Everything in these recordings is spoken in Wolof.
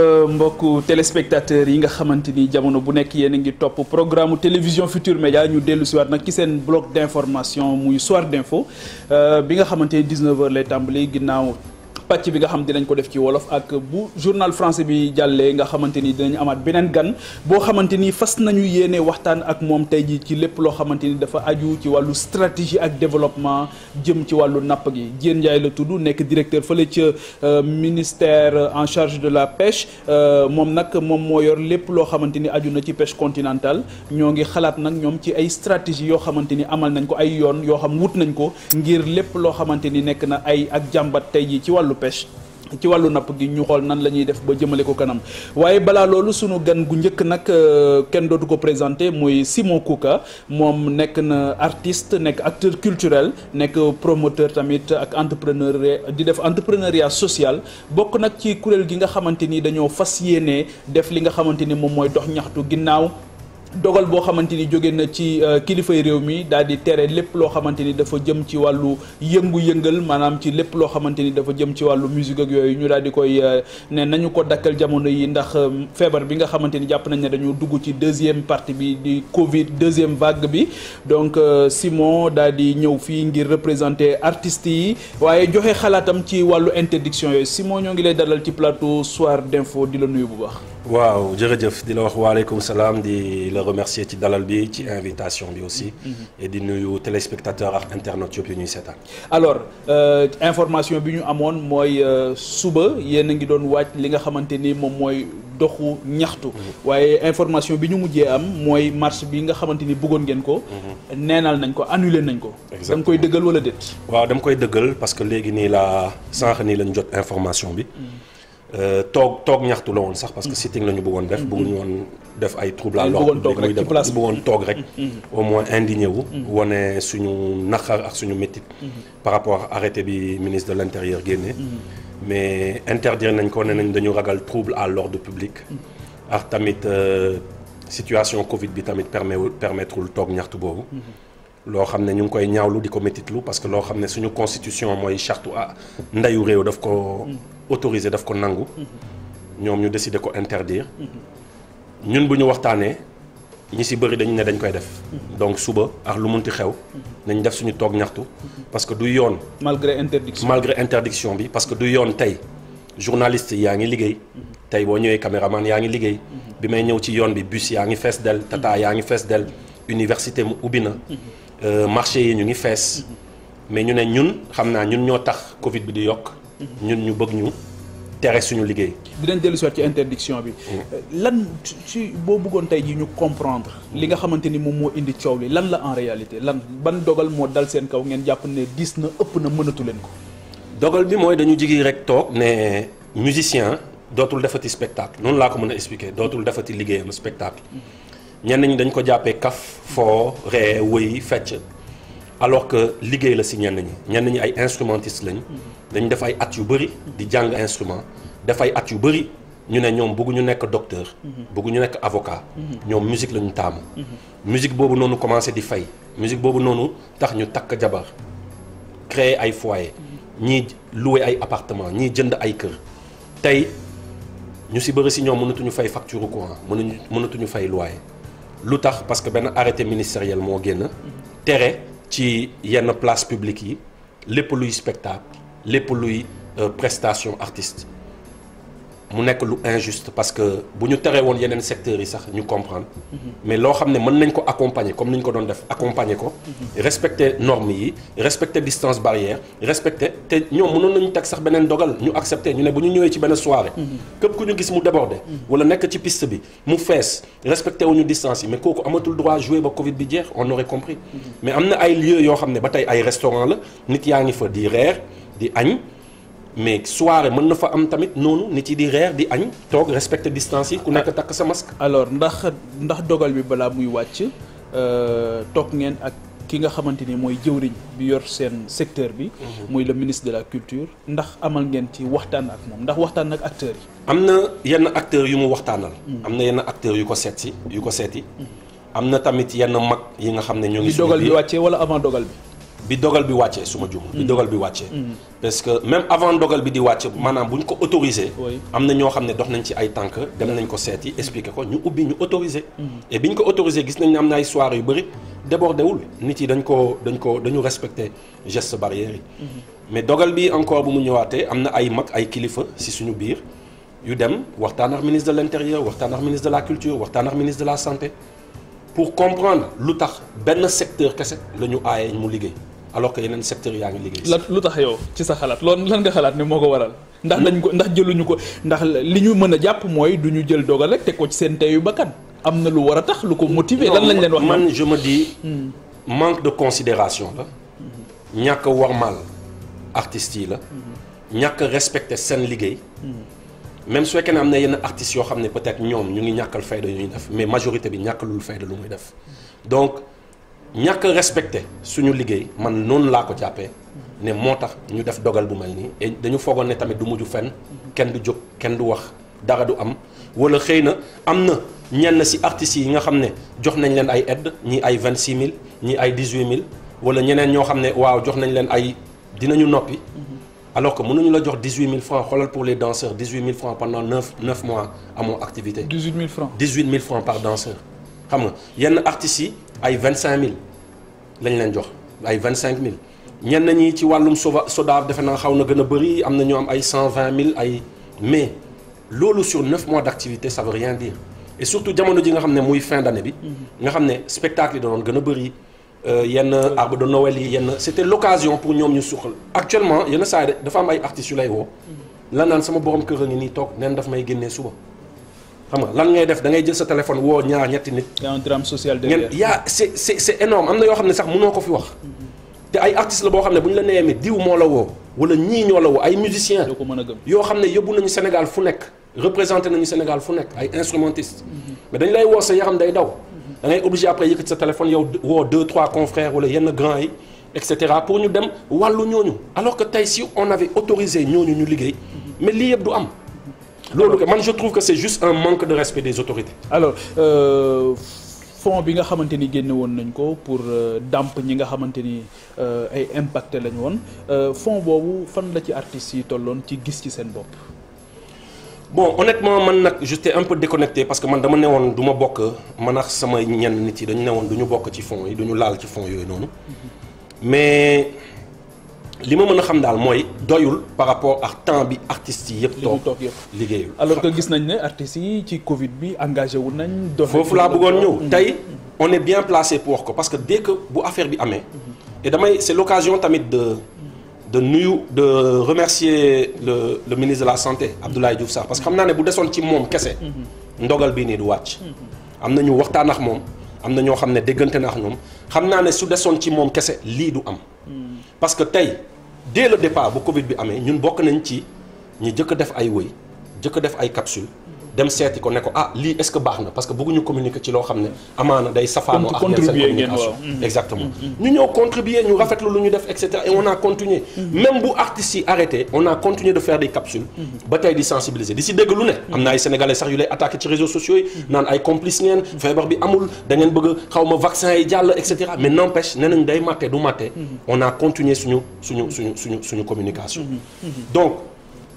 Euh, mbokku téléspectateurs yi nga xamante ni jamono bu nekk yéen a ngi topp programme télévision Futur Média ñu dellu si waat nag ci seen bloc d' information muy soir d' info euh, bi nga xamante ni 19h lay tàmbali ginnaaw. pàcc bi nga xam dinañ ko def ci wolof ak bu journal français bi jàllee nga xamante ni dinañ amaat beneen gan boo xamante ni fas nañu yéene waxtaan ak moom tey ji ci lépp loo xamante ni dafa aju ci wàllu stratégie ak développement jëm ci wàllu napp gi Diène Ndiaye la tudd nekk directeur fële ca euh, ministère en charge de la pêche euh, moom nag moom moo yor lépp loo xamante ni aju na ci pêche continentale ñoo ngi xalaat nag ñoom ci ay stratégie yoo xamante ni amal nañ ko ay yoon yoo xam wut nañ ko ngir lépp loo xamante ni nekk na ay ak jàmbat tey ji ci wàllu pêche ci wàllu napp gi ñu xool nan la ñuy def ba jëmale ko kanam waaye balaa loolu suñu gan gu njëkk nag euh, kenn dootu ko présenté muy Simon Kouka moom nekk na artist nekk acteur culturel nekk promoteur tamit ak entrepreneur di def entrepreneuriat sociale bokk nag ci kuréel gi nga xamante ni dañoo fas yéene def li nga xamante ni moom mooy dox ñaxtu ginnaaw dogal boo xamante ni jóge na ci euh, kilifay réew mi daal di tere lépp loo xamante ni dafa jëm ci wàllu yëngu-yëngal maanaam ci lépp loo xamante ni dafa jëm ci wàllu musique ak yooyu ñu daal di koy euh, ne nañu ko dakkal jamono yi ndax euh, feebar bi nga xamante ni jàpp nañ ne dañu dugg ci deuxième partie bi di Covid deuxième vague bi donc Simon daal di ñëw fii ngir représenter artistes yi waaye joxe xalaatam ci wàllu interdiction yooyu Simon ñoo ngi lay dalal ci plateau Soir d'info di la nuyu bu baax. waaw jërëjëf di la wax waaleykum salaam di la remercier ci dalal bi ci invitation bi aussi. Mm-hmm. et di nuyu téléspectateurs ak internautes yëpp yu ñuy seetaan. alors euh, information bi ñu amoon mooy euh, suba yéen a ngi doon waaj li nga xamante ni moom mooy doxu ñaxtu. Mm-hmm. waaye information bi ñu mujjee am mooy marche bi nga xamante ni bëggoon ngeen ko. Mm-hmm. neenaal nañ ko annulé nañ ko. exactement koy dëggal wala déet. waaw dama koy dëggal parce que léegi nii laa sànq nii lañu jot information bi. Euh, toog toog ñaxtu la woon sax parce que sitting la ñu bëggoon def. Mm-hmm. bëgguñu woon def ay trouble à l'ordre toog rek bëggoon toog rek. Mm-hmm. au moins indigné wu. Mm-hmm. wane suñu naqar ak suñu métit par rapport arrêté bi ministre l' intérieur génne. mais interdire nañ ko ne nañ dañu ragal trouble à l'ordre public. ak tamit euh, situation Covid bi tamit permettre permettrewul toog ñaxtu boobu. loo xam ne ñu ngi koy ñaawlu di ko métitlu parce que loo xam ne suñu constitution mooy charte ndayu réew daf ko. autorisé daf ko nangu. ñoom ñu décidé ko interdire. ñun bu ñu waxtaanee ñi si bëri dañu ne dañ koy def. donc suba ak lu mun ti xew. nañ def suñu toog ñaxtu. parce que du yoon. malgré interdiction malgré interdiction bi parce que du yoon tey journaliste yaa ngi liggéey. tey boo ñëwee caméraman yaa ngi liggéey. bi may ñëw ci yoon bi bus yaa ngi fees del tata yaa ngi fees del université mu ubbi na. Euh, marché yi ñu ngi fees. mais ñu ne ñun xam naa ñun ñoo tax Covid bi di yokk. ñun ñu bëgg ñu tere suñu liggéey. dinañ dellu si waat ci interdiction bi. Mm. lan ci boo bëggoon tey ji ñu comprendre. li nga xamante ni moom moo indi coow li lan la en réalité lan ban dogal moo dal seen kaw ngeen jàpp ne diis na ëpp na mënatu leen ko. dogal bi mooy dañu jigi rek toog ne musicien dootul defati spectacle noonu laa ko mën a expliquer dootul defati liggéeyam spectacle mm. ñenn ñi dañ ko jàppee kaf foo wëy fecc. alors que liggéey la si ñenn ñi ñenn ñi ay instrumentiste lañ dañu def ay at yu bëri di jàng instrument def ay at yu bëri ñu ne ñoom ñu nekk docteur bëgguñu nekk avocat ñoom musique lañu taamu musique boobu noonu commencé di fay musique boobu noonu tax ñu takk jabar créer ay foyer ñii louer ay appartement ñii jënd ay kër tey ñu si bëri si ñoom mënatuñu fay facture courant mënuñu mënatuñu fay loyer lu tax parce que benn arrêté ministériel moo génn tere ci yenn place publique yi lépp luy spectacle lépp luy euh, prestation artiste mu nekk lu injuste parce que bu ñu teree woon yeneen secteur yi sax ñu comprendre mais loo xam ne mën nañ ko accompagner comme ni ñu ko doon def accompagner ko respecter normes yi respecter distance barrière respecter te ñoom mënoon nañu teg sax beneen dogal ñu accepter ñu ne bu ñu ñëwee ci benn soirée képp ku ñu gis mu déborder wala nekk ci piste bi mu fees respecter ñu distance yi mais kooku amatul droit jouer ba Covid bi jeex on aurait compris mais am na ay lieux yoo xam ne ba tey ay restaurant la nit yaa ngi fa di reer di añ mais soirée mën na fa am tamit noonu nit yi di reer di añ toog respecter distance yi ku nekk ah. takk sa masque. alors ndax ndax dogal bi balaa muy wàcc euh, toog ngeen ak ki nga xamante ni mooy jëwriñ bi yor seen secteur bi. Mhm. muy le ministre de la culture. ndax amal ngeen ci waxtaan ak moom ndax waxtaan ak acteurs yi. am na yenn acteurs yu mu waxtaanal. Mhm. am na yenn acteurs yu ko seet si yu ko seeti. Mhm. am na tamit yenn mag yi nga xam ne ñoo ngi. bi dogal bi wàccee wala avant dogal bi. bi dogal bi wàccee su ma jum bi dogal bi wàccee mm. parce que même avant dogal bi di wàcce maanaam bu ñu ko autorisé am na ñoo xam ne dox nañ ci ay tànk dem nañ ko seeti expliqué ko ñu ubbi ñu autorisé mm. et bi ñu ko autorisé gis nañ am na ay soirée yu bëri débordé wul nit yi dañ ko dañ ko dañu respecté gestes barrières yi mm-hmm. mais dogal bi encore bu mu ñëwaatee am na ay mag ay kilifa si suñu biir yu dem waxtaan ak ministre de l'intérieur waxtaan ak ministre de la culture waxtaan ak ministre de la santé pour comprendre lu tax benn secteur kese la ñu mu liggéey alors yeneen secteur yaa ngi liggéey. lan lu tax yow ci sa xalaat loolu lan nga xalaat ne moo ko waral. ndax dañ ko ndax jëluñu ko ndax li ñu mën a jàpp mooy du ñu jël dogal rek ci seen teeyu bakkan am na lu war a tax lu ko motiver. lan lañ leen wax man je me dis. Hmm. manque de considération la. ñàkk a warmaal artistes yi la. ñàkk a seen liggéey. Hmm. même su fekkee ne am na yenn artistes yoo xam ne peut-être ñoom ñu ngi ñàkkal fayda yu ñuy def mais majorité bi ñàkkalul fayda lu muy def ñàkk respecté suñu liggéey man noonu laa ko jàppee ne moo tax ñu def dogal bu mel nii dañu foogoon ne tamit du mujj fen kenn du jóg kenn du wax dara du am wala xëy na am na ñenn ci artistes yi nga xam ne jox nañ leen ay aide ñii ay vingt six mille ñii ay dix huit mille wala ñeneen ñoo xam ne waaw jox nañ leen ay dinañu noppi alors que mënuñu la jox dix huit mille francs xoolal pour les danseurs dix huit mille francs pendant neuf mois amoo activité. dix par danseur xam nga yenn artistes ay vingt cinq mille lañ leen jox ay vingt cinq mille ñenn ñi ci wàllum soba SODAV defe naa xaw na gën a bëri am na ñu am ay cent vingt mille ay mais loolu sur neuf mois d' activité ça et surtout jamono ji nga xam ne muy fin d' année bi. Mhm. nga xam ne spectacle yi da gën a bëri euh, yenn arbre de Noël yi yenn c' était l' occasion pour ñoom ñu suqal actuellement yenn saa yi dafa am ay artistes yu lay woo. Mhm. la naan sama borom kër a ngi nii toog neen daf may génnee suba. xam nga lan ngay def da ngay jël sa téléphone woo ñaar ñetti nit. y a un drame social derrière. c'est c'est énorme am na yoo xam ne sax mu noo ko fi wax. te ay artistes la boo xam ne bu ñu la nee mi diw moo la woo wala ñii ñoo la woo ay musiciens. doo ko mën a gëm yoo xam ne yóbbu nañu Sénégal fu nekk. représenté nañu Sénégal fu nekk ay instrumentistes. mais dañ lay woo sa yaram day daw. dangay ngay obligé après yëkkati sa téléphone yow oo deux trois confrères wala yenn grands yi et pour ñu dem wàllu ñooñu alors que tey si on avait autorisé ñooñu ñu liggéey mais lii yëpp du am. loolu man je trouve que c'est juste un manque de respect des autorités. alors euh, fonds bi nga xamante ni génne woon nañ ko pour euh, dàmp ñi nga xamante ni euh, ay impacté lañ woon fonds boobu fan la ci artistes yi tolloon ci gis ci seen bopp. bon honnêtement man nag j'étais un peu déconnecté parce que man dama ne woon du ma bokk man ak sama ñenn nit yi dañu ne woon du ñu bokk ci fonds yi duñu laal ci fonds yooyu noonu mhm. mais. li ma mën a xam daal mooy doyul par rapport ak temps bi artistes yi yëpp toog liggéeyul alors que gis nañ ne artistes yi ci Covid bi engagé wu nañ foofu laa bëggoon ñëw tey on bien placé pour wax ko parce que dès bu affaire bi amee mhm. et damay c'est l'occasion tamit de nuyu de remercier le le ministre de la santé Abdoulaye Diouf Sarr parce que xam naa ne bu desoon ci moom kese mhm. ndogal bi nii du wàcc mhm. am na ñu waxtaan ak moom am na ñoo xam ne déggante na ak ñoom xam naa ne su desoon ci moom kese lii du am parce que tey dès le départ bu Covid bi amee ñun bokk nañ ci ñi jëkk def ay wëy jëkk def ay capsule dem seeti ko ne ko ah lii est-ce que baax na parce que bëgguñu communiquer ci loo xam ne amaana day safaano ak seen communication exactement mm, mm, mm. ñu ñëw contribuer ñu rafetlu lu ñu def et cetera et on a continué même bu artistes yi arrêté on a continué de faire des capsules ba tey di sensibiliser di si dégg lu ne am na ay sénégalais sax yu lay attaqué ci réseaux sociaux yi naan ay complice ngeen feebar bi amul dangeen bëgg xaw ma vaccin yi jàll et cetera mais n'empêche nee nañ day matte du matte on a continué suñu suñu suñu suñu suñu communication donc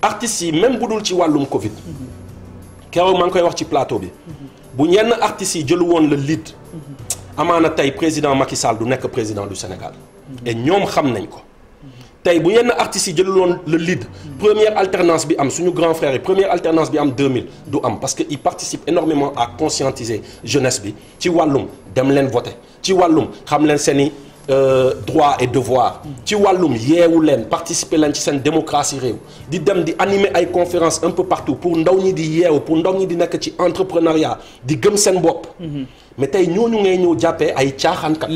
artistes yi même bu dul ci wàllum covid keroog maa ngi koy wax ci plateau bi bu ñenn artistes yi jëlu woon le lead na tey président Macky Sall du nekk président du Sénégal et ñoom xam nañ ko tey bu yenn artistes yi jëlul woon le lead première alternance bi am suñu grand frère yi première alternance bi am 2000 du am parce que il participe énormément à conscientiser jeunesse bi ci wàllum dem leen voter ci wàllum xam leen seeni Euh, droit et devoir ci wàllum yeewu leen participer leen ci seen démocratie réew di dem di animer ay conférences un peu partout pour ndaw ñi di yeewu pour ndaw ñi di nekk ci entrepreneuriat di gëm seen bopp mhm. mais tey ñooñu ngay ñëw jàppee ay caaxaankat